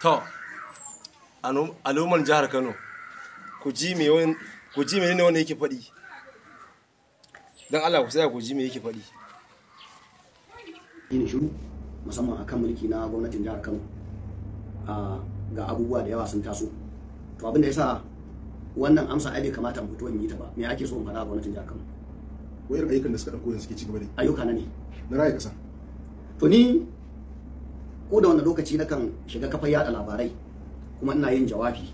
to al'ummar jihar kano ku ji me ne wanda yake faɗi don allah ku tsaya ku ji me yake faɗi yin shiru musamman a kan mulki na gwamnatin jihar kano ga abubuwa da yawa sun taso to abin da ya sa wannan amsa ai bai kamata mu fito yi ta ba me ake so in faɗa a gwamnatin jihar kano wayar ayyukan da suka ɗauko yanzu suke ci gaba da ayyuka na ne na ra'ayi ƙasa to ni ko da wani lokaci na kan shiga kafar yada labarai kuma ina yin jawabi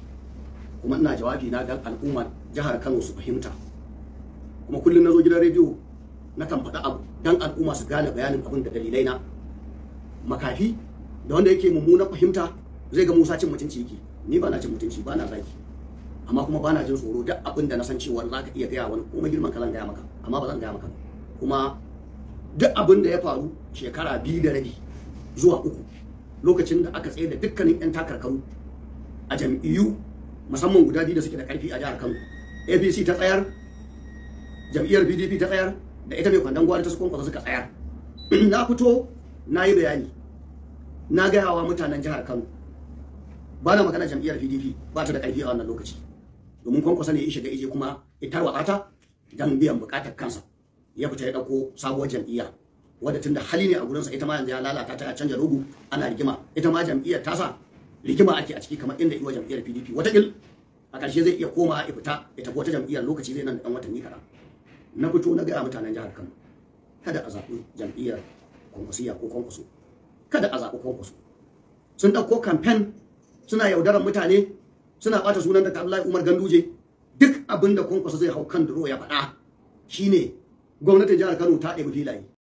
kuma ina jawabi na dan al'umma jihar Kano su fahimta kuma kullum na zo gidan rediyo na kan faɗa abu dan al'umma su gane bayanin abin da dalilai na makafi da wanda yake mummunan fahimta zai ga Musa cin mutunci yake ni ba na cin mutunci ba na zaki amma kuma ba na jin tsoro duk abin da na san cewa za ka iya gaya wani kuma girman ka zan gaya maka amma ba zan gaya maka kuma duk abin da ya faru shekara biyu da rabi zuwa uku lokacin da aka tsaye da dukkanin 'yan takar kanu a jam'iyyu musamman guda biyu da suke da karfi a jihar kano apc ta tsayar jam'iyyar pdp ta tsayar da ita mai kwandon gwari ta su kwankwasa suka tsayar na fito na yi bayani na gaya wa mutanen jihar kano ba na magana jam'iyyar pdp ba ta da karfi a wannan lokaci domin kwankwasa ne ya shiga ije kuma ita tarwatsa ta don biyan bukatar kansa ya fita ya ɗauko sabuwar jam'iyya wadda tunda hali ne a gurinsa ita ma yanzu ya lalata ta canja rugu ana rigima ita ma jam'iyyar tasa rigima ake a ciki kamar inda iwa jam'iyyar PDP watakil a ƙarshe zai iya koma ya fita ita ko wata jam'iyyar lokaci zai nan da ɗan watanni kara na fito na gaya mutanen jihar Kano kada a zaɓi jam'iyyar kwankwasiya ko kwankwaso kada a zaɓi kwankwaso sun ɗauko kamfen suna yaudaran mutane suna ɓata sunan da Abdullahi Umar Ganduje duk abin da kwankwaso zai hau kan duro ya faɗa shine gwamnatin jihar Kano ta ɗebi filaye